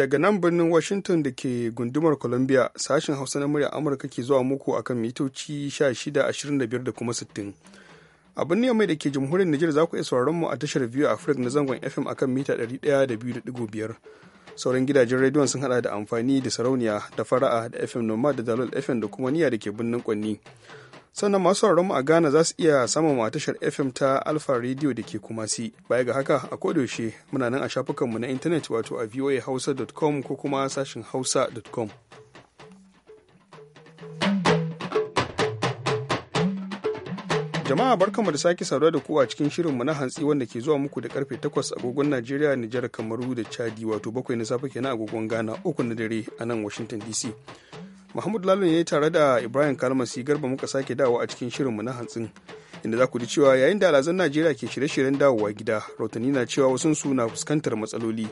daga nan birnin Washington da ke gundumar Columbia sashen Hausa na murya Amurka ke zuwa muku akan mitoci 1625 da kuma 60. A birnin mai da ke jamhuriyar Nijar za ku iya sauraron mu a tashar biyu a Afirka na zangon FM akan mita 102.5. Sauran gidajen rediyon sun hada da amfani da sarauniya da fara'a da FM Nomad da Dalol FM da kuma niya da ke birnin Kwanni. sannan masu mu a Ghana za su iya samun a tashar FM ta Alpha Radio da ke Kumasi. Baya ga haka a kodayaushe muna nan a shafukanmu na intanet wato a voahausa.com ko kuma sashin hausa.com. Jama'a barkanmu da sake saduwa da ku a cikin shirin mu na hantsi wanda ke zuwa muku da karfe 8 agogon Najeriya, Nijar, Kamaru da Chadi wato bakwai na safe kenan agogon Ghana, uku na dare a nan Washington DC. Mahmud Lalo ne tare da Ibrahim Kalmasi garba muka sake dawo a cikin mu na hantsin. Inda za ku ji cewa yayin da alazan Najeriya ke shirye-shiryen dawowa gida, rautani na cewa wasu su na fuskantar matsaloli.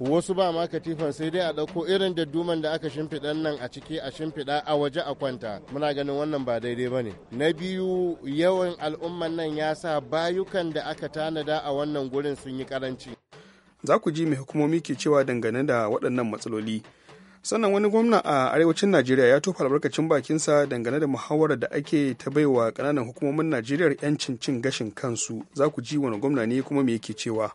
Wasu ba ma katifan sai dai a ɗauko irin da da aka shimfiɗa nan a ciki a shimfiɗa a waje a kwanta. Muna ganin wannan ba daidai ba ne. Na biyu yawan al'umman nan ya sa bayukan da aka tanada a wannan gurin sun yi karanci. Za ku ji mai hukumomi ke cewa dangane da waɗannan matsaloli. sannan wani gwamna a arewacin najeriya ya tofa albarkacin bakinsa dangane da muhawarar da ake ta baiwa kananan hukumomin najeriya yancin cin gashin kansu za ku ji wani gwamna ne kuma me yake cewa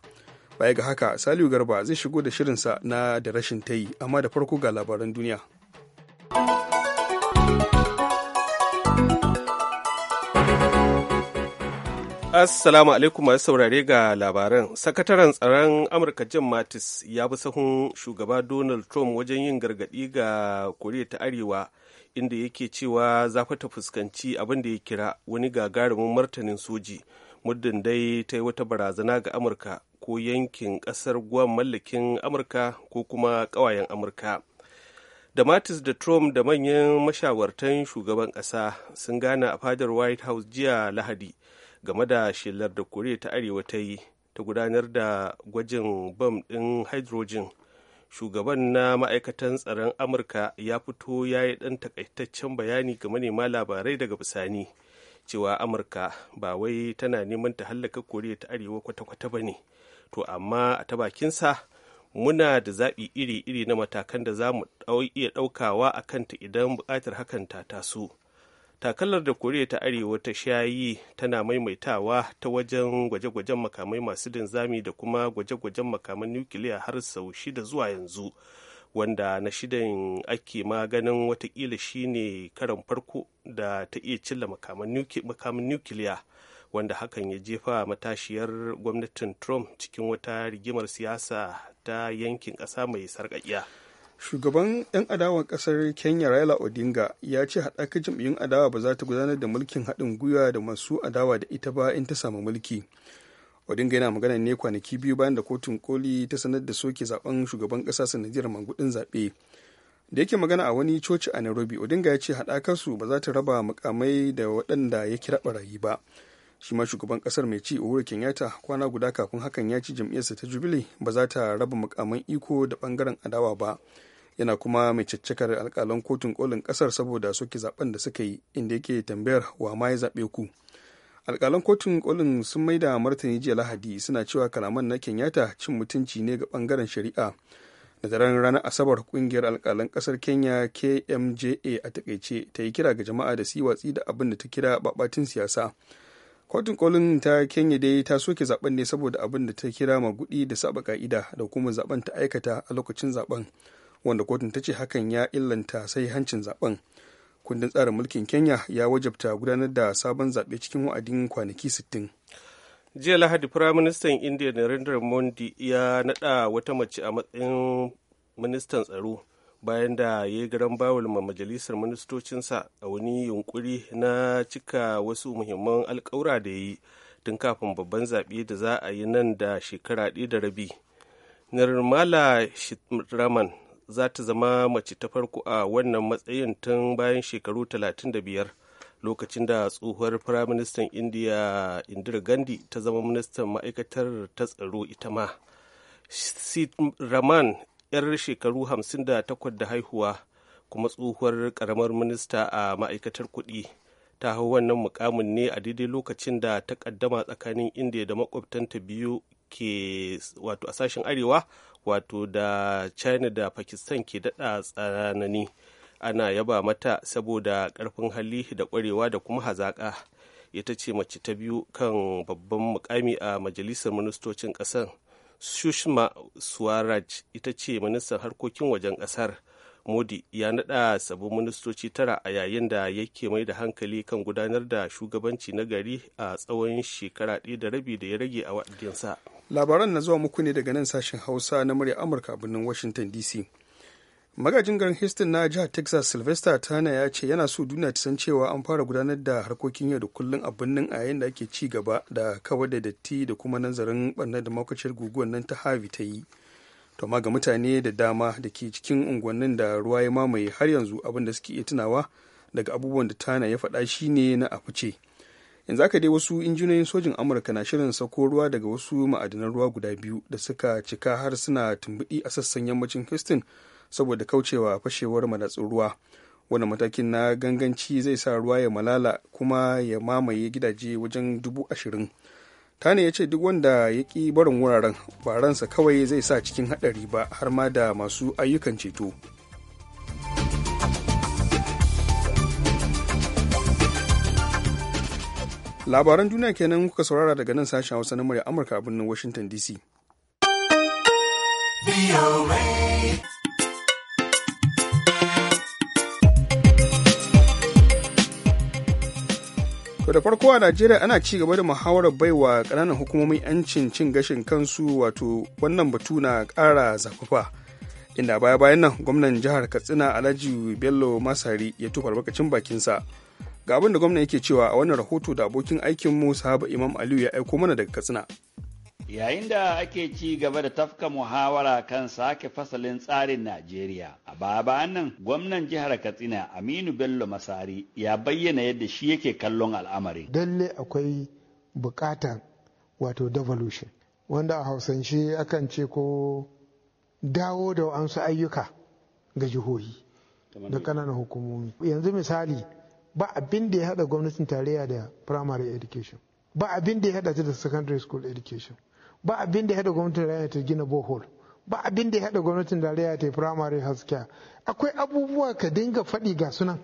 baya ga haka saliu garba zai shigo da shirinsa na da rashin tayi amma da farko ga labaran duniya Assalamu alaikum masu saurare ga labaran. Sakataren tsaron Amurka Jim Mattis ya bi sahun shugaba Donald Trump wajen yin gargadi ga Koriya ta Arewa inda yake cewa za ta fuskanci abin da ya kira wani gagarumin martanin soji muddin dai ta yi wata barazana ga Amurka ko yankin kasar guam mallakin Amurka ko kuma ƙawayen Amurka. da Mattis da Trump da manyan mashawartan shugaban kasa sun gane a fadar White House jiya Lahadi game da shelar da koriya ta arewa ta yi ta gudanar da gwajin bam ɗin hydrogen shugaban na ma'aikatan tsaron amurka ya fito ya yi ɗan takaitaccen bayani ga manema labarai daga bisani cewa amurka ba wai tana neman ta hallaka koriya ta arewa kwata-kwata ba ne to amma a ta bakinsa muna da zaɓi iri-iri na matakan da za mu iya ɗaukawa a kanta idan buƙatar hakan ta taso takalar da koriya ta arewa ta shayi tana maimaitawa ta wajen gwaje-gwajen makamai masu dinzami da kuma gwaje-gwajen makaman nukiliya har sau shida zuwa yanzu wanda na shidan ake maganin watakila shine karan farko da ta iya cilla makaman nukiliya wanda hakan ya jefa matashiyar gwamnatin trump cikin wata rigimar siyasa ta yankin ƙasa mai sarƙaƙiya shugaban 'yan adawar kasar kenya raila odinga ya ce haɗakar jam'iyyun adawa ba za ta gudanar da mulkin haɗin gwiwa da masu adawa da ita ba in ta samu mulki odinga yana magana ne kwanaki biyu bayan da kotun koli ta sanar da soke zaben shugaban ƙasa sanadiyar mangudin zaɓe da yake magana a wani coci a nairobi odinga ya ce haɗakar su ba za ta raba mukamai da waɗanda ya kira ɓarayi ba shi ma shugaban kasar mai ci uhuru kenyatta kwana guda kafin hakan ya ci jam'iyyarsa ta jubile ba za ta raba mukaman iko da bangaren adawa ba yana kuma mai caccakar alkalan kotun kolin kasar saboda soke zaben da suka yi inda yake tambayar wa ma ya zaɓe ku alkalan kotun kolin sun maida martani jiya lahadi suna cewa kalaman na kenyatta cin mutunci ne ga bangaren shari'a da daren ranar asabar kungiyar alkalan kasar kenya kmja a takaice ta yi kira ga jama'a da su watsi da abin da ta kira babatin siyasa kotun kolin ta kenya dai ta soke zaben ne saboda abin da ta kira magudi da saba ka'ida da kuma zaben ta aikata a lokacin zaben wanda kotun ta ce hakan ya illanta sai hancin zaben kundin tsarin mulkin kenya ya wajabta gudanar da sabon zaɓe cikin wa'adin kwanaki 60 jiya lahadi firaministan indiya narendra modi ya naɗa wata mace a matsayin ministan tsaro bayan da ya yi garan bawul ma majalisar ministocinsa a wani yunkuri na cika wasu muhimman alkawura da ya yi tun kafin babban zaɓe da za a yi nan da shekara ɗaya da rabi nirmala shitraman za ta zama mace ta farko a wannan matsayin tun bayan shekaru 35 lokacin da tsohuwar firaministan indiya indira gandhi ta zama ministan ma'aikatar ta tsaro ita ma sit raman yar shekaru 58 da haihuwa kuma tsohuwar karamar minista a ma'aikatar kudi ta hau wannan mukamin ne a daidai lokacin da ta kaddama tsakanin indiya da makwabtanta biyu ke wato a sashen arewa wato da china da pakistan ke daɗa tsanani ana yaba mata saboda ƙarfin hali da ƙwarewa da kuma hazaƙa ita ce mace ta biyu kan babban mukami a majalisar ministocin ƙasar sushma swaraj ita ce ministan harkokin wajen ƙasar modi ya nada sabon ministoci tara a yayin da yake mai da hankali kan gudanar da shugabanci na gari a tsawon shekara ɗaya da rabi da ya rage a wa'adinsa labaran na zuwa muku ne daga nan sashen hausa na murya amurka birnin washington dc magajin garin houston na jihar texas sylvester tana ya ce yana so duniya ta san cewa an fara gudanar da harkokin yau da kullum a birnin a yayin da ake ci gaba da kawar da datti da kuma nazarin barnar da makwacin guguwar nan ta harvey ta yi to amma ga mutane da dama da ke cikin unguwannin da ruwa ya mamaye har yanzu abin da suke iya tunawa daga abubuwan da tana ya faɗa ne na afice yanzu aka dai wasu injiniyoyin sojin amurka na shirin sauko ruwa daga wasu ma'adinan ruwa guda biyu da suka cika har suna tumbuɗi a sassan yammacin houston saboda kaucewa fashewar madatsun ruwa wannan matakin na ganganci zai sa ruwa ya malala kuma ya mamaye gidaje wajen dubu ashirin tani ya ce duk wanda ya ƙi barin wuraren ba ransa kawai zai sa cikin haɗari ba har ma da masu ayyukan ceto labaran duniya kenan kuka saurara daga nan sashen hausa na murya amurka a birnin washington dc To da farko a Najeriya ana ci gaba da muhawarar baiwa kananan hukumomin 'yancin cin gashin kansu wato wannan batu na ƙara zafafa. Inda baya bayan nan gwamnan jihar Katsina Alhaji Bello Masari ya tufa albarkacin bakinsa. Ga abin da gwamnan yake cewa a wannan rahoto da abokin aikin mu Sahaba Imam Aliyu ya aiko mana daga Katsina. yayin da ake ci gaba da tafka muhawara kan sake fasalin tsarin Najeriya. A baba nan gwamnan jihar Katsina Aminu Bello Masari ya bayyana yadda shi yake kallon al'amarin. Dalle akwai bukatan wato devolution wanda a hausance akan ce ko dawo da wa'ansu ayyuka ga jihohi da ƙananan hukumomi. Yanzu misali ba abin da ya haɗa gwamnatin tarayya da primary education ba abin da ya haɗa ta da secondary school education. ba abin da ya haɗa gwamnatin tarayya ta gina bohol ba abin da ya haɗa gwamnatin tarayya ta yi firamare haskiya akwai abubuwa ka dinga faɗi ga sunan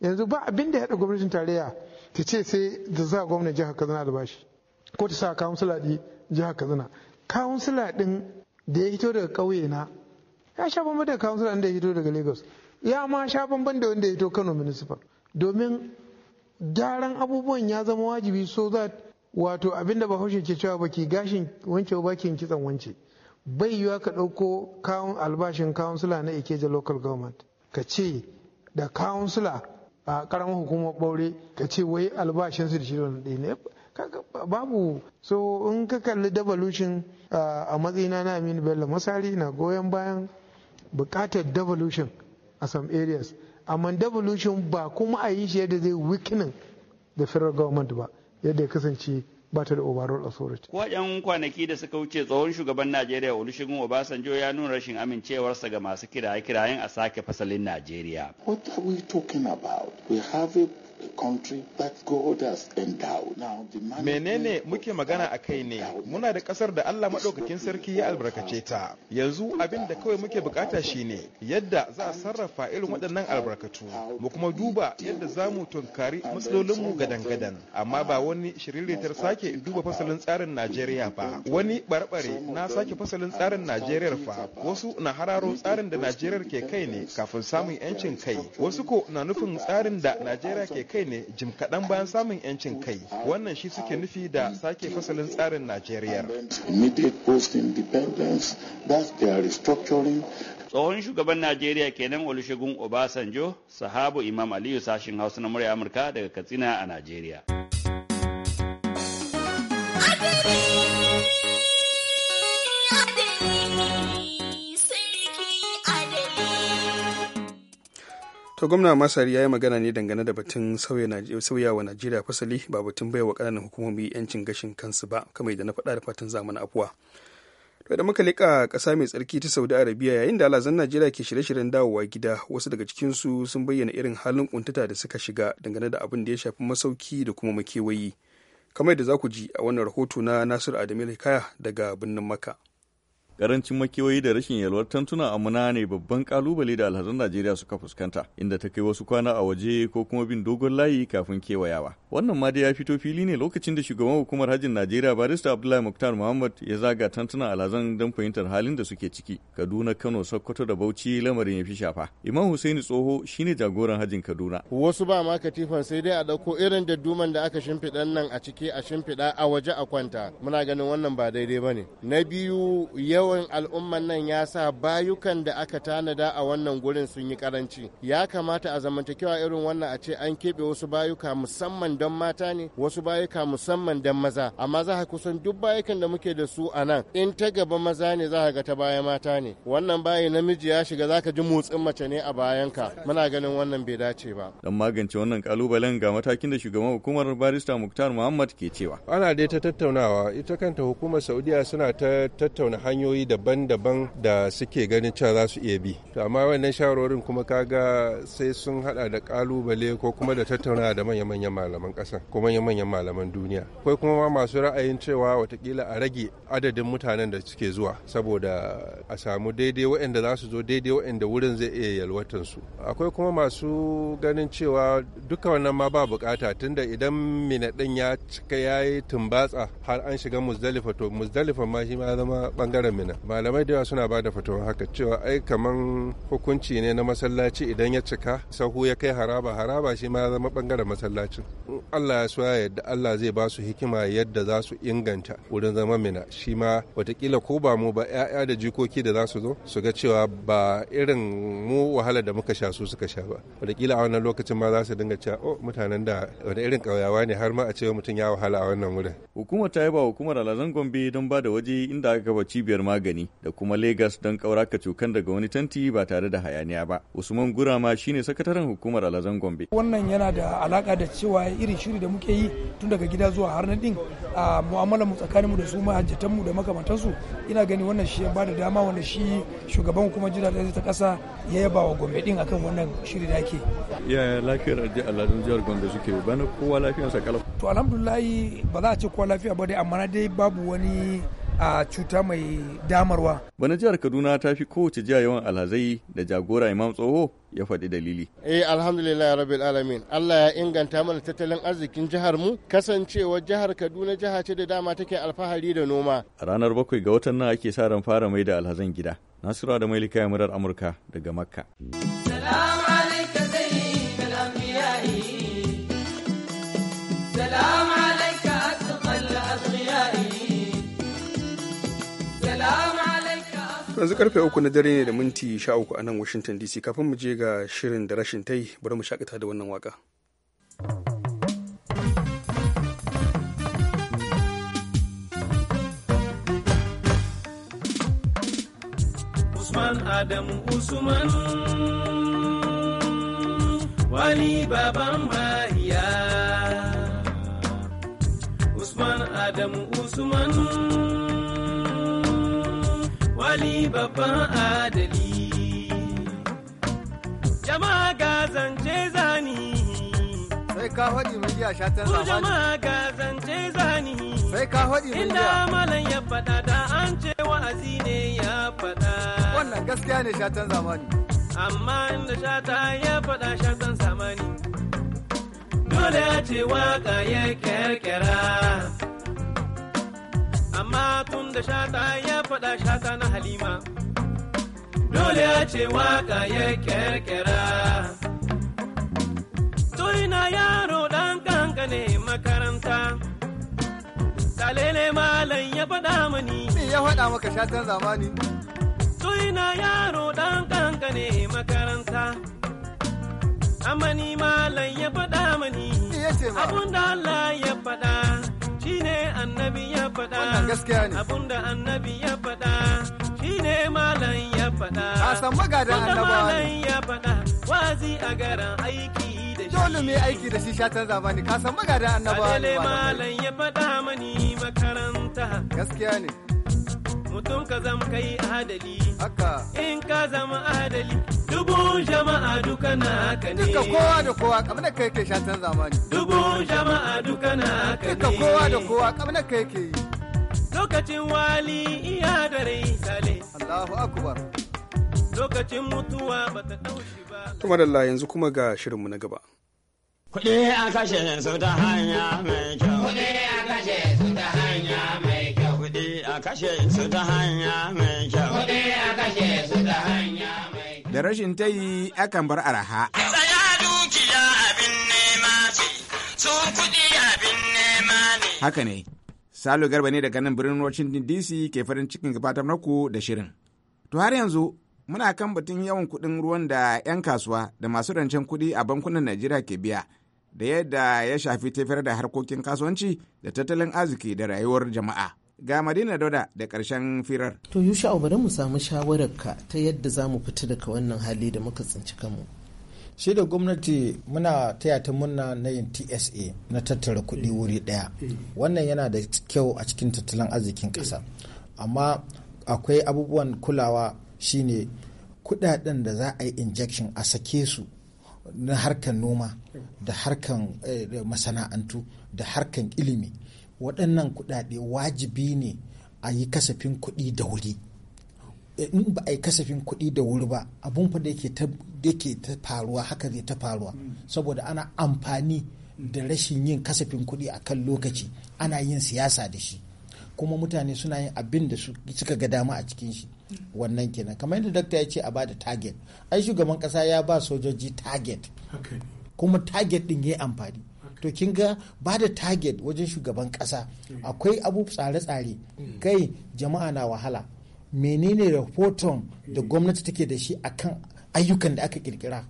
yanzu ba abin da ya haɗa gwamnatin tarayya ta ce sai da za gwamnan jihar kaduna bashi. ko ta sa kawunsila ɗi jihar kaduna kawunsila ɗin da ya hito daga ƙauye na ya sha bamban da kawunsila da ya hito daga lagos ya ma sha bamban da wanda ya hito kano municipal domin gyaran abubuwan ya zama wajibi so that wato abinda ba hushe ke cewa baki gashin wanke ba kitson kitsan wance bai yiwa ka ɗauko kawun albashin kawunsula na ikeja local government ka ce da kawunsula a karamar hukumar ɓaure ka ce wai albashin su da shi da ne babu so in ka kalli devolution a matsayina na aminu bello masari na goyon bayan bukatar devolution a some areas amma devolution ba kuma a yi shi yadda zai weakening the federal government ba yadda ya kasance ba ta da overall authority. Ko yan kwanaki da suka wuce tsohon shugaban Najeriya Olusegun Obasanjo ya nuna rashin amincewarsa ga masu kiraye-kirayen a sake fasalin Najeriya. What are we talking about? We have a Menene muke magana a kai ne, muna da ƙasar da Allah maɗaukakin sarki ya albarkace ta. Yanzu abin da kawai muke bukata shine yadda za a sarrafa irin waɗannan albarkatu, mu kuma duba yadda za mu tunkari matsalolinmu gadan-gadan, amma ba wani shiriritar sake duba fasalin tsarin Najeriya ba. Wani barbare na sake fasalin tsarin Najeriya fa, wasu na hararo tsarin da Najeriya ke kai ne kafin samun 'yancin kai, wasu ko na nufin tsarin da Najeriya ke kai ne jim kaɗan bayan samun 'yancin kai wannan shi suke nufi da sake fasalin tsarin najeriya tsohon shugaban najeriya kenan olusegun obasanjo sahabu imam aliyu sashin hausa na murya amurka daga katsina a najeriya to gwamna masar ya yi magana ne dangane da batun wa najeriya fasali ba batun baiwa kananan hukumomi yancin gashin kansu ba kamar da na faɗa da fatan zamani afuwa to da muka liƙa ƙasa mai tsarki ta saudi arabiya yayin da alazan najeriya ke shirye-shiryen dawowa gida wasu daga cikinsu sun bayyana irin halin kuntata da suka shiga dangane da abin da ya shafi masauki da kuma makewayi kamar da za ku ji a wannan rahoto na nasiru adamu hikaya daga birnin makka Karancin makiyoyi da rashin yalwar tantuna amuna ne babban kalubale da alhazan Najeriya suka fuskanta, inda ta kai wasu kwana a waje ko kuma bin dogon layi kafin kewayawa. Wannan ma dai ya fito fili ne lokacin da shugaban hukumar hajjin Najeriya barista Abdullahi Muktar Muhammad ya zaga tantana alazan don fahimtar halin da suke ciki. Kaduna, Kano, Sokoto da Bauchi lamarin ya fi shafa. Imam husaini Tsoho shine jagoran hajjin Kaduna. Wasu ba ma katifan sai dai a dauko irin dadduman da aka shimfiɗan nan a ciki a shimfiɗa a waje a kwanta. Muna ganin wannan ba daidai ba ne. Na biyu yawan al'umman nan ya sa bayukan da aka tanada a wannan gurin sun yi karanci. Ya kamata a zamantakewa irin wannan a ce an keɓe wasu bayuka musamman don mata ne wasu bayuka musamman don maza amma za ka kusan duk bayukan da muke da su a nan in ta gaba maza ne za ka ga ta baya mata ne wannan bayi namiji ya shiga za ka ji motsin mace ne a bayanka muna ganin wannan bai dace ba don magance wannan kalubalen ga matakin da shugaban hukumar barista muktar muhammad ke cewa ana dai ta tattaunawa ita kanta hukumar saudiya suna ta tattauna hanyoyi daban-daban da suke ganin cewa za su iya bi to amma wannan shawarorin kuma kaga sai sun hada da kalubale ko kuma da tattaunawa da manya-manyan malaman malaman kasan ko manyan malaman duniya akwai kuma ma masu ra'ayin cewa watakila a rage adadin mutanen da suke zuwa saboda a samu daidai waɗanda za su zo daidai waɗanda wurin zai iya yalwatan su akwai kuma masu ganin cewa duka wannan ma ba bukata tunda idan minaɗin ya cika ya yi tumbatsa har an shiga muzdalifa to muzdalifa ma shi ma zama bangaren mina malamai da yawa suna bada da haka cewa ai kaman hukunci ne na masallaci idan ya cika sahu ya kai haraba haraba shi ma zama bangaren masallacin Allah ya soya yadda Allah zai ba su hikima yadda za su inganta wurin zama mina shi ma watakila ko ba mu ba 'ya'ya da jikoki da za su zo su ga cewa ba irin mu wahala da muka sha su suka sha ba watakila a wannan lokacin ma za su dinga cewa oh mutanen da wani irin ƙauyawa ne har ma a ce mutum ya wahala a wannan wurin hukumar ta yi ba hukumar alazan gombe don ba da waje inda aka kafa cibiyar magani da kuma legas don ka cukan daga wani tanti ba tare da hayaniya ba usman gurama shine sakataren hukumar alazan gombe wannan yana da alaka da cewa iri shiri shiri da muke yi tun daga gida zuwa har na din a mu'amalar mu tsakanin mu da su mahajjatan mu da su ina gani wannan shi ba da dama wanda shi shugaban kuma jira da ta kasa ya yaba wa gombe din akan wannan shiri da ake ya lafiyar ajiya aladun jihar gombe suke bana kowa lafiyarsa kala to alhamdulillah ba za a ce kowa lafiya ba dai amma dai babu wani a cuta mai damarwa. Bana jihar Kaduna ta fi kowace jiya, yawan alhazai da jagora Imam Tsoho ya faɗi dalili. Eh alhamdulillah rabbil alamin. Allah ya inganta mana tattalin arzikin jihar mu kasancewa jihar Kaduna jiha ce da dama take alfahari da noma. A ranar bakwai ga watan nan ake sa ran fara mai da alhazan gida. Nasiru da Mailika murar Amurka daga Makka. Salam yanzu karfe uku na dare ne da minti sha uku a nan washington dc kafin mu je ga shirin da rashin tai bari mu shakata da wannan waka Usman Adam Usman wani baban mariya Usman Adam Usman hali babban adali. Jama'a ga zance zani. Sai ka faɗi miliya ta zama Jama'a ga zance zani. Sai ka hodi miliya. Inda malan ya fada da an ce wa'azi ne ya fada Wannan gaskiya ne sha shatan zamani. Amma inda sha ta ya fada faɗa shatan zamani. Dole a ce waka ya kyarkyara. amma tun da shata ya faɗa shata na halima dole a ce waka ya kyarkyara ina yaro ɗan kankane makaranta talele malam ya faɗa mani me ya faɗa maka shatan zamani ina yaro ɗan kankane makaranta amma ni malam ya faɗa mani abun da Allah ya faɗa shine annabi ya faɗa abunda annabi ya faɗa shine malam ya faɗa wanda malam ya faɗa wazi a garan aiki da shi. dole mai aiki da shi shatan zamani ka san magadan annabawa ne malam ya faɗa mani makaranta gaskiya ne mutum ka zama kai adali haka in ka zama adali Dubu jama'a duka na haka ne duka kowa da kowa kamar kai ke shatan zamani Dubu jama'a duka na haka ne duka kowa da kowa kamar kai ke lokacin wali iya da rai sale Allahu akbar lokacin mutuwa bata dauki ba to madalla yanzu kuma ga shirinmu na gaba kuɗi a kashe su ta hanya mai kyau kuɗi a kashe su kashe su ta hanya mai kyau. Da rashin ta yi akan bar araha. Tsaya dukiya abin nema ce, su kuɗi abin nema ne. Haka ne, Salo Garba ne daga nan birnin Washington DC ke farin cikin gabatar naku da shirin. To har yanzu muna kan batun yawan kuɗin ruwan da 'yan kasuwa da masu rancen kuɗi a bankunan Najeriya ke biya. da yadda ya shafi tafiyar da harkokin kasuwanci da tattalin arziki da rayuwar jama'a. ga madina dauda da karshen firar. to yusha bari mu samu shawararka ta yadda za mu fita daga wannan hali da muka tsinci kanmu. shi da gwamnati muna taya ta murna na yin tsa na tattara kuɗi wuri ɗaya wannan yana da kyau a cikin tattalin arzikin ƙasa amma akwai abubuwan kulawa shine kuɗaɗen da za a yi injection a sake su na harkan noma da harkar eh, masana'antu da harkan ilimi waɗannan kuɗaɗe wajibi ne a yi kasafin kuɗi da wuri eh, in ba a yi kasafin kuɗi da wuri ba abun fa da yake ta faruwa haka zai ta faruwa saboda ana amfani da rashin yin kasafin kuɗi a kan lokaci ana yin siyasa da shi kuma mutane suna yin abin da suka ga dama a cikin shi wannan kenan kamar yadda dakta ya ce a bada target ai shugaban kasa ya ba sojoji target kuma target din ya yi amfani to kin ga ba da target wajen shugaban kasa akwai abu tsare-tsare kai jama'a na wahala menene rahoton da gwamnati take da shi akan ayyukan da aka kirkira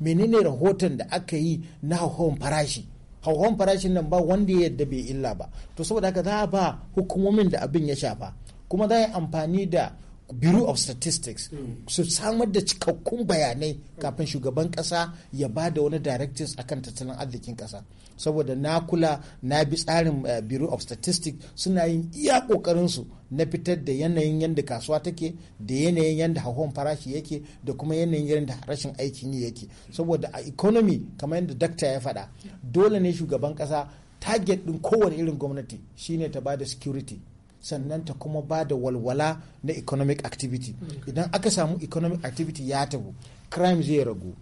menene rahoton da aka yi na hauhawan farashi hauhawan farashin nan ba wanda ya yadda bai illa ba to saboda haka za a ba hukumomin da abin ya shafa kuma za a yi amfani da bureau of statistics hmm. su samar da cikakkun bayanai kafin shugaban kasa ya ba da wani directives akan tattalin arzikin kasa saboda na kula na bi tsarin eh, bureau of statistics suna yin iya kokarinsu na fitar da yanayin yadda kasuwa take da yanayin yadda hauhon farashi yake da kuma yanayin yadda rashin aikin yi yake saboda a economy kamar yadda dakta ya faɗa dole ne shugaban kasa target ɗin kowane irin gwamnati shine ta ba da security sannan ta kuma ba da walwala na economic activity mm. idan aka samu economic activity ya tabu crime zai ragu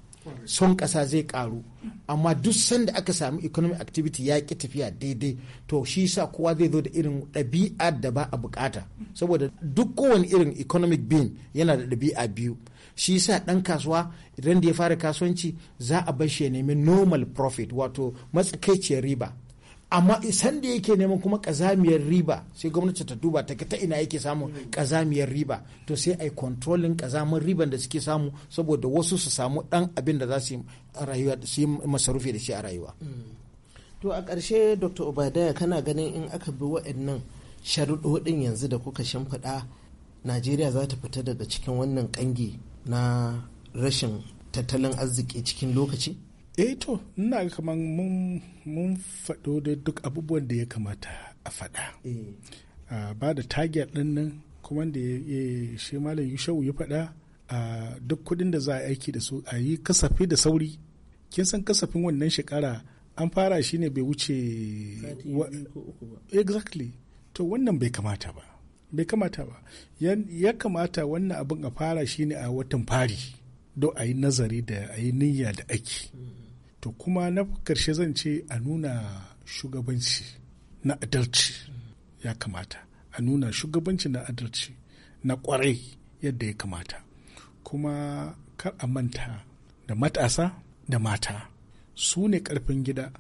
son ƙasa zai ƙaru amma duk sanda aka samu economic activity ya ki tafiya daidai to shi sa kowa zai zo da irin ɗabi'a da ba a bukata saboda duk kowane irin economic being yana da ɗabi'a biyu shi sa ɗan kasuwa idan da ya fara kasuwanci za a bar shi ya nemi normal profit wato matsakaiciyar riba amma san da yake neman kuma kazamiyar riba sai gwamnati ta duba ta ta ina yake samun kazamiyar riba to sai ai kontrolin kazamin riban da suke samu saboda wasu su samu dan abin da za su yi rayuwa su masarufi da shi a rayuwa to a ƙarshe dr obadaya kana ganin in aka bi waɗannan sharuɗoɗin yanzu da kuka shimfiɗa najeriya za ta fita daga cikin wannan ƙangi na rashin tattalin arziki cikin lokaci eh to ina ga kamar mun faɗo da duk abubuwan da ya kamata a faɗa eh. ah, ba da target ɗin nan kuma da shi malam yushau ya faɗa ah, duk kuɗin da za a aiki da su a yi kasafi da sauri kin san kasafin wannan shekara an fara shi ne bai wuce exactly to wannan bai kamata ba bai kamata ba ya kamata wannan abin a fara shi ne a watan fari don a yi nazari da a yi niyya da ake. to kuma na karshe zan ce a nuna shugabanci na adalci ya kamata a nuna shugabanci na adalci na kwarai yadda ya kamata kuma kar a manta da matasa da mata su ne karfin gida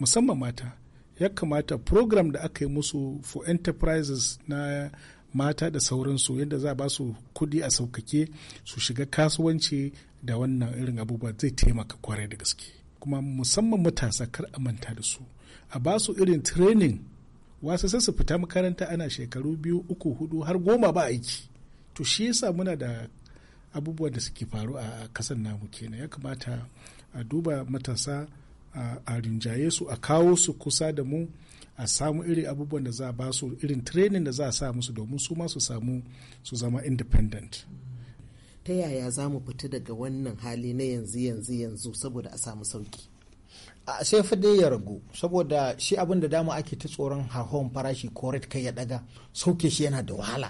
musamman mata ya kamata program da aka yi musu for enterprises na mata da sauransu yadda za a ba su kudi a saukake su shiga kasuwanci da wannan irin abubuwa zai taimaka kwarai da gaske kuma musamman matasa kar a manta da su a ba su irin training wasu sai su fita makaranta ana shekaru biyu uku hudu har goma ba aiki to shi yasa muna da abubuwan da suke faru a kasan namu kenan ya kamata a duba matasa a rinjaye su a kawo su kusa da mu a samu irin abubuwan da za a ba su irin training da za a sa musu domin su ma su samu su zama independent. ta yaya za mu fita daga wannan hali na yanzu yanzu yanzu saboda a samu sauki a sai fa dai ya ragu saboda shi abin da dama ake ta tsoron hahon farashi ko red kai ya daga sauke shi yana da wahala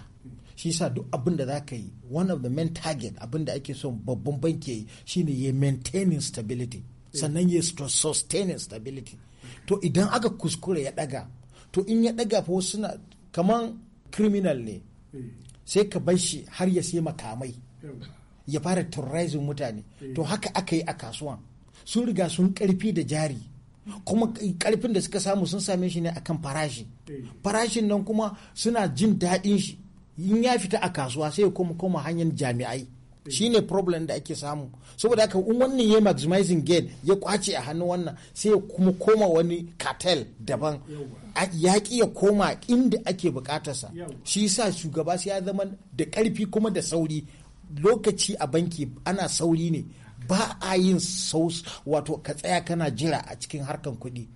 shi sa duk abin da za ka yi one of the main target abin da ake son babban banki ya yi shine ya maintaining stability sannan ya sustaining stability to idan aka kuskure ya daga to in ya daga fa wasu na kaman criminal ne mm. sai ka bar shi har ya sai makamai ya fara terrorizing mutane eh. to haka aka yi a kasuwan sun riga sun karfi da jari kuma karfin da suka samu sun same shi ne akan farashi eh. farashin nan kuma suna jin daɗin shi in ya fita a kasuwa sai ya koma hanyar jami'ai eh. shi ne problem da ake samu saboda haka in wannan ya maximizing gain ya kwace a hannun wannan sai ya kuma koma wani cartel daban ya ya koma inda ake bukatarsa shi sa shugaba sai ya zama da karfi kuma da sauri lokaci a banki ana sauri ne ba a yin saus wato ka tsaya kana jira a cikin harkan kuɗi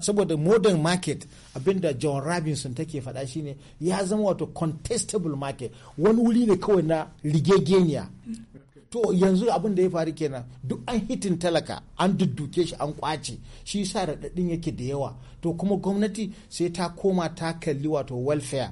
saboda modern market abinda john robinson take faɗa shine ya zama wato contestable market wani wuri ne kawai na rigegeniya to yanzu abin da ya faru kenan duk an hitin talaka an dudduke shi an kwace shi sa raɗaɗin yake da yawa to kuma gwamnati sai ta koma ta kalli wato welfare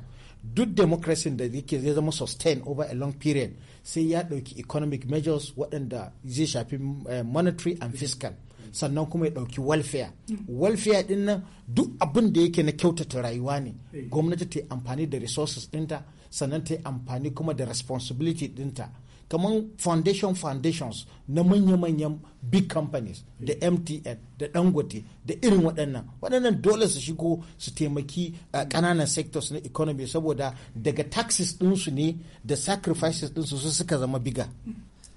duk democracy da yake zai zama sustain over a long period sai ya ɗauki economic measures waɗanda zai shafi eh, monetary and fiscal sannan kuma ya ɗauki welfare welfare ɗin nan duk abin da yake na kyautata rayuwa ne eh. gwamnati ta yi amfani da resources ɗinta sannan ta yi amfani kuma da responsibility ɗinta kamar foundation foundations na manya-manyan big companies da mtn da dangote da irin waɗannan waɗannan dole su shigo su taimaki eh, ƙananan sectors na economy saboda daga taxes ɗinsu ne da sacrifices ɗinsu su suka zama biga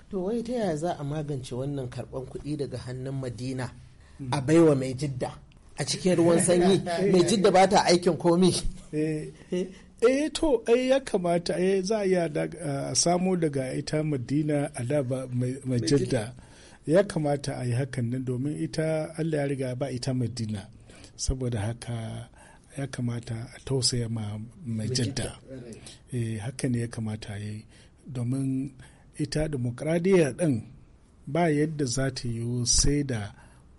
to wai ta yaya za a magance wannan karɓan kuɗi daga hannun madina a baiwa mai jidda a cikin ruwan sanyi mai jidda ba ta aikin komi eh, eh, eh to ai ya kamata eh za a iya samo daga ita madina a da mai ya kamata a yi hakan nan domin ita allah ya riga ba ita madina saboda haka ya kamata a tausaya ma mai jidda eh haka ne ya kamata yi domin ita demokradiyya din ba yadda za ta yiwu sai da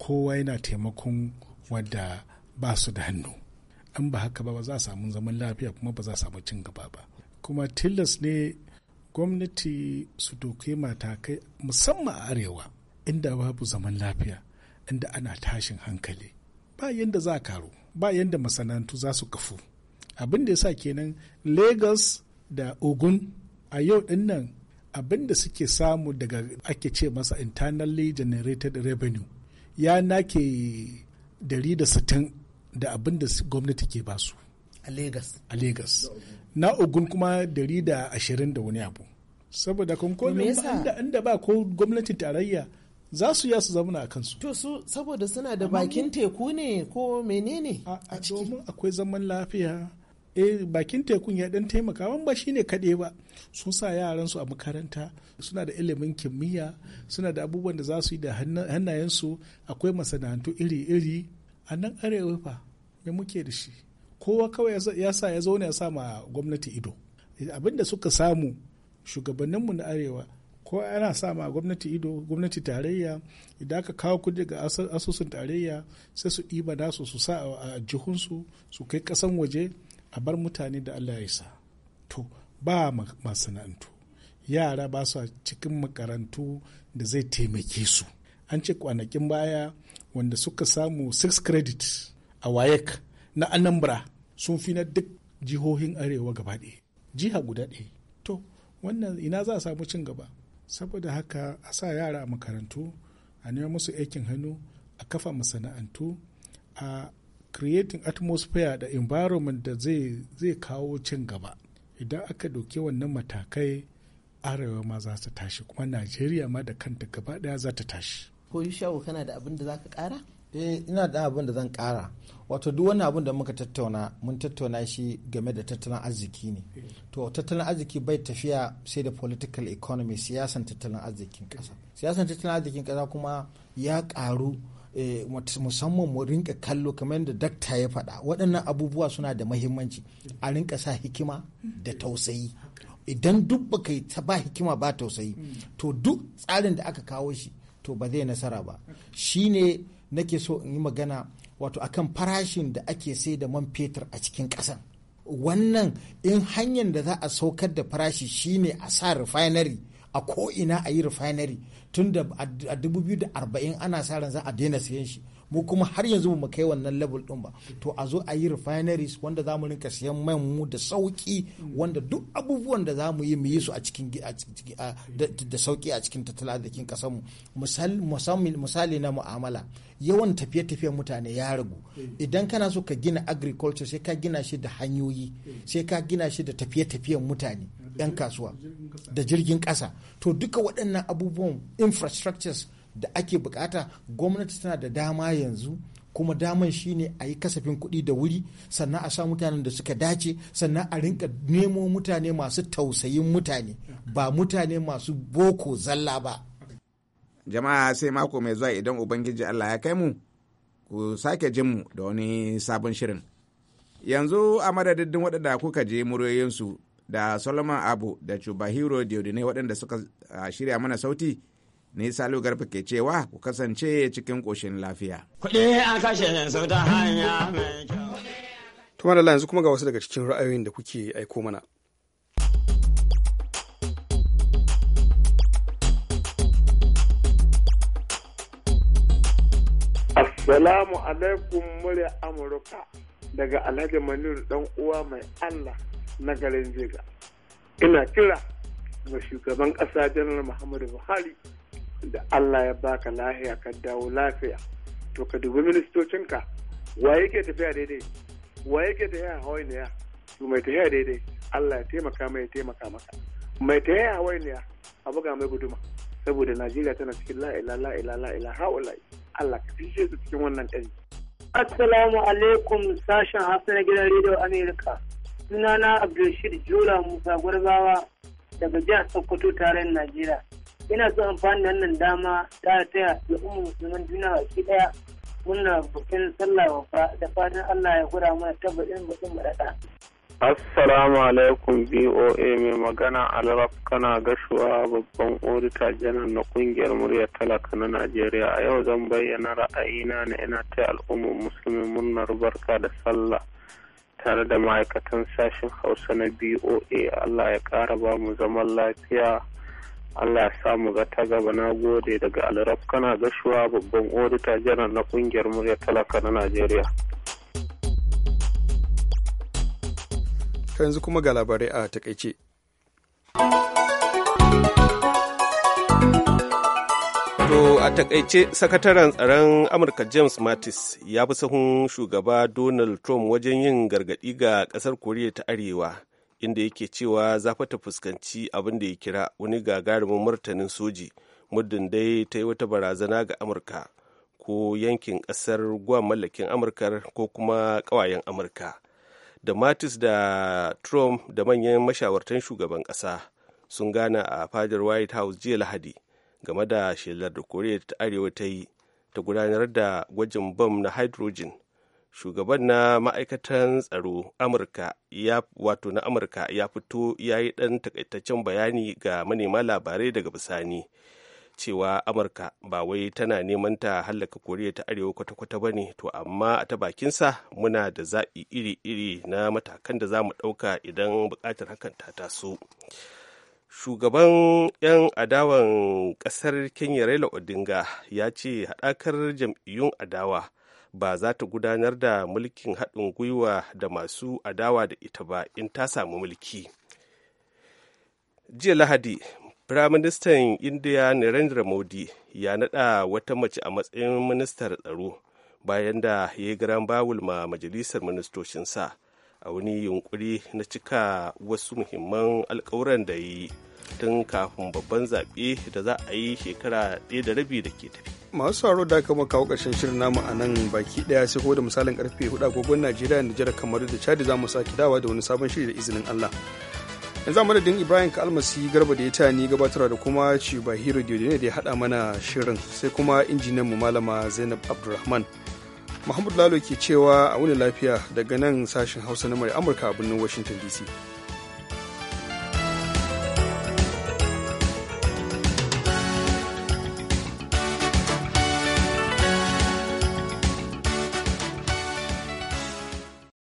kowa yana taimakon wadda ba su da hannu an ba haka ba ba za a samu zaman lafiya kuma ba za a samu cin gaba ba kuma tilas ne gwamnati su doke matakai musamman a arewa inda babu zaman lafiya inda ana tashin hankali ba yadda za a karu ba yadda masana'antu za su kafu abin da ya sa kenan lagos da ogun a yau din nan abin da suke samu daga ake ce masa internally generated revenue ya nake 160 da abin da gwamnati ke basu a Legas. a Legas. na ogun kuma dari da ashirin da wani abu saboda kan ba inda ba ko gwamnati tarayya za su ya su zamana a kansu to su saboda suna da bakin teku ne ko menene a domin akwai zaman lafiya eh bakin tekun ya dan taimaka wani ba shine kaɗai ba sun sa yaran su a makaranta suna da ilimin kimiyya suna da abubuwan da za su yi da hannayensu akwai masana'antu iri-iri a nan arewa fa me muke da shi kowa kawai ya sa ya zo ne ya sa ma gwamnati ido abin da suka samu shugabanninmu na arewa ko ana sa ma gwamnati ido gwamnati tarayya idan aka kawo kudi ga asusun tarayya sai su ɗiba nasu su sa a jihunsu su kai ƙasan waje a bar mutane da allah ya sa to ba masana'antu yara ba su cikin makarantu da zai taimake su an ce kwanakin baya wanda suka samu 6 credit a wayek na anambra sun fi na duk jihohin arewa gaba ɗaya jiha guda ɗaya to wannan ina za a samu cin gaba saboda haka a sa yara a makarantu a neman musu aikin hannu a kafa masana'antu a creating atmosphere da environment da zai kawo cin gaba idan aka ɗauki wannan matakai arewa ma za ta tashi kuma najeriya ma da kanta gaba ɗaya za ta tashi ko shawo kana da abin da zaka kara eh ina da abin da zan kara wato duk wani abin da muka tattauna mun tattauna shi game da tattalin arziki ne eh. to tattalin arziki bai tafiya sai da political economy siyasan tattalin arzikin kasa eh. siyasan tattalin arzikin kasa kuma ya karu eh, musamman mu rinka kallo kamar yadda dakta ya faɗa waɗannan abubuwa suna da mahimmanci a rinka sa hikima da mm. tausayi idan duk baka ba hikima ba tausayi mm. to duk tsarin da aka kawo shi to ba zai nasara ba shi shine nake so in yi magana wato akan farashin da ake sai da man fetur a cikin ƙasan wannan in hanyar da za a saukar da farashi shine a sa refinery a ko'ina a yi refinery tun da a 2040 ana sa ran za a daina siyan shi mu kuma har yanzu mu kai wannan level din ba to a zo a yi refineries wanda za mu rinka siyan mai mu da sauki wanda duk abubuwan da za mu yi mu yi su a cikin da sauki a cikin tattalin arzikin kasar mu misali na mu'amala yawan tafiye tafiye mutane ya ragu idan kana so ka gina agriculture sai ka gina shi da hanyoyi sai ka gina shi da tafiye-tafiyen mutane 'yan kasuwa da jirgin ƙasa to duka waɗannan abubuwan infrastructures da ake bukata gwamnati tana da dama yanzu kuma daman shine a yi kasafin kuɗi da wuri sannan a sa mutanen da suka dace sannan a rinka nemo mutane masu tausayin mutane ba mutane masu boko zalla ba jama'a sai mako mai zuwa idan ubangiji allah ya kai mu ku sake jin mu da wani sabon shirin yanzu a madadin waɗanda kuka je muryoyinsu da solomon abu da chubahiro diodine waɗanda suka ah, shirya mana sauti Ni Salo Garba ke cewa ku kasance cikin ƙoshin lafiya. Kuɗi an kashe sau ta hanya mai kyau. Tuma da yanzu kuma ga wasu daga cikin ra'ayoyin da kuke aiko mana. Assalamu alaikum murya Amurka daga Alhaji Manir dan uwa mai Allah na garin Jega. Ina kira ga shugaban ƙasa janar Muhammadu Buhari da Allah ya baka lahiya ka dawo lafiya to ka dubi ministocinka wa yake tafiya daidai wa yake yaya hawai ne ya to mai tafiya daidai Allah ya taimaka mai taimaka maka mai tafiya hawai ne ya a buga mai guduma saboda Najeriya tana cikin la'ila la'ila la'ila ha'ulai Allah ka fishe su cikin wannan ɗari. Assalamu alaikum sashen Hausa gidan Radio Amerika. Sunana Abdulrashid Jula Musa Gurbawa daga jihar Sokoto tarayyar Najeriya. ina son amfani da wannan dama ta taya umu musulman duniya baki daya muna bukin sallah da fatan Allah ya gura mana tabbatin bukin madada. Assalamu alaikum BOA mai magana a Alraf kana gashuwa babban odita janar na kungiyar murya talaka na Najeriya a yau zan bayyana ra'ayina na ina ta al'ummar musulmi murnar barka da sallah tare da ma'aikatan sashen Hausa na BOA Allah ya kara ba mu zaman lafiya Allah ya samu ga ta gaba na gode daga Alarab kana gashuwa babban odita janar na kungiyar murya talaka na Najeriya. yanzu kuma ga labarai a takaice. To a takaice sakataren tsaron Amurka James Mattis ya fi sahun shugaba Donald Trump wajen yin gargaɗi ga ƙasar Koriya ta Arewa inda yake cewa za ta fuskanci abin da ya kira wani gagarumin martanin soji muddin dai ta yi wata barazana ga amurka ko yankin ƙasar guam mallakin amurka ko kuma ƙawayen amurka da matis da trump da manyan mashawartan shugaban ƙasa sun gana a fadar white house jiya lahadi game da shelar da koriya ta arewa ta yi ta gudanar da gwajin bom na hydrogen shugaban na ma'aikatan tsaro amurka ya wato na amurka ya fito ya yi ɗan takaitaccen bayani ga manema labarai daga bisani cewa amurka ba wai tana neman ta hallaka koriya ta arewa kwata-kwata ba ne to amma a ta bakinsa muna da zaɓi iri-iri na matakan da za mu ɗauka idan buƙatar hakan ta taso shugaban 'yan adawan ƙasar kenya raila odinga ya ce haɗakar jam'iyyun adawa ba za ta gudanar da mulkin haɗin gwiwa da masu adawa da ita ba in ta samu mulki jiya lahadi firaministan indiya narendra modi ya naɗa wata mace a matsayin ministar tsaro bayan da ya yi garan bawul ma majalisar ministocinsa a wani yunkuri na cika wasu muhimman alkawuran da yi tun kafin babban zaɓe da za a yi shekara ɗaya da rabi da ke tafi masu sauraro da aka kawo ƙarshen shirin namu a nan baki ɗaya sai kuma da misalin karfe hudu agogon Najeriya da Nijar kamar da Chad za mu sake dawa da wani sabon shiri da izinin Allah. Yanzu a madadin Ibrahim Kalmasi Garba da ya ta ni gabatarwa da kuma ci ba hero da ya haɗa mana shirin sai kuma injiniyan mu malama Zainab Abdulrahman. Muhammadu Lalo ke cewa a wani lafiya daga nan sashen Hausa na Amurka a birnin Washington DC.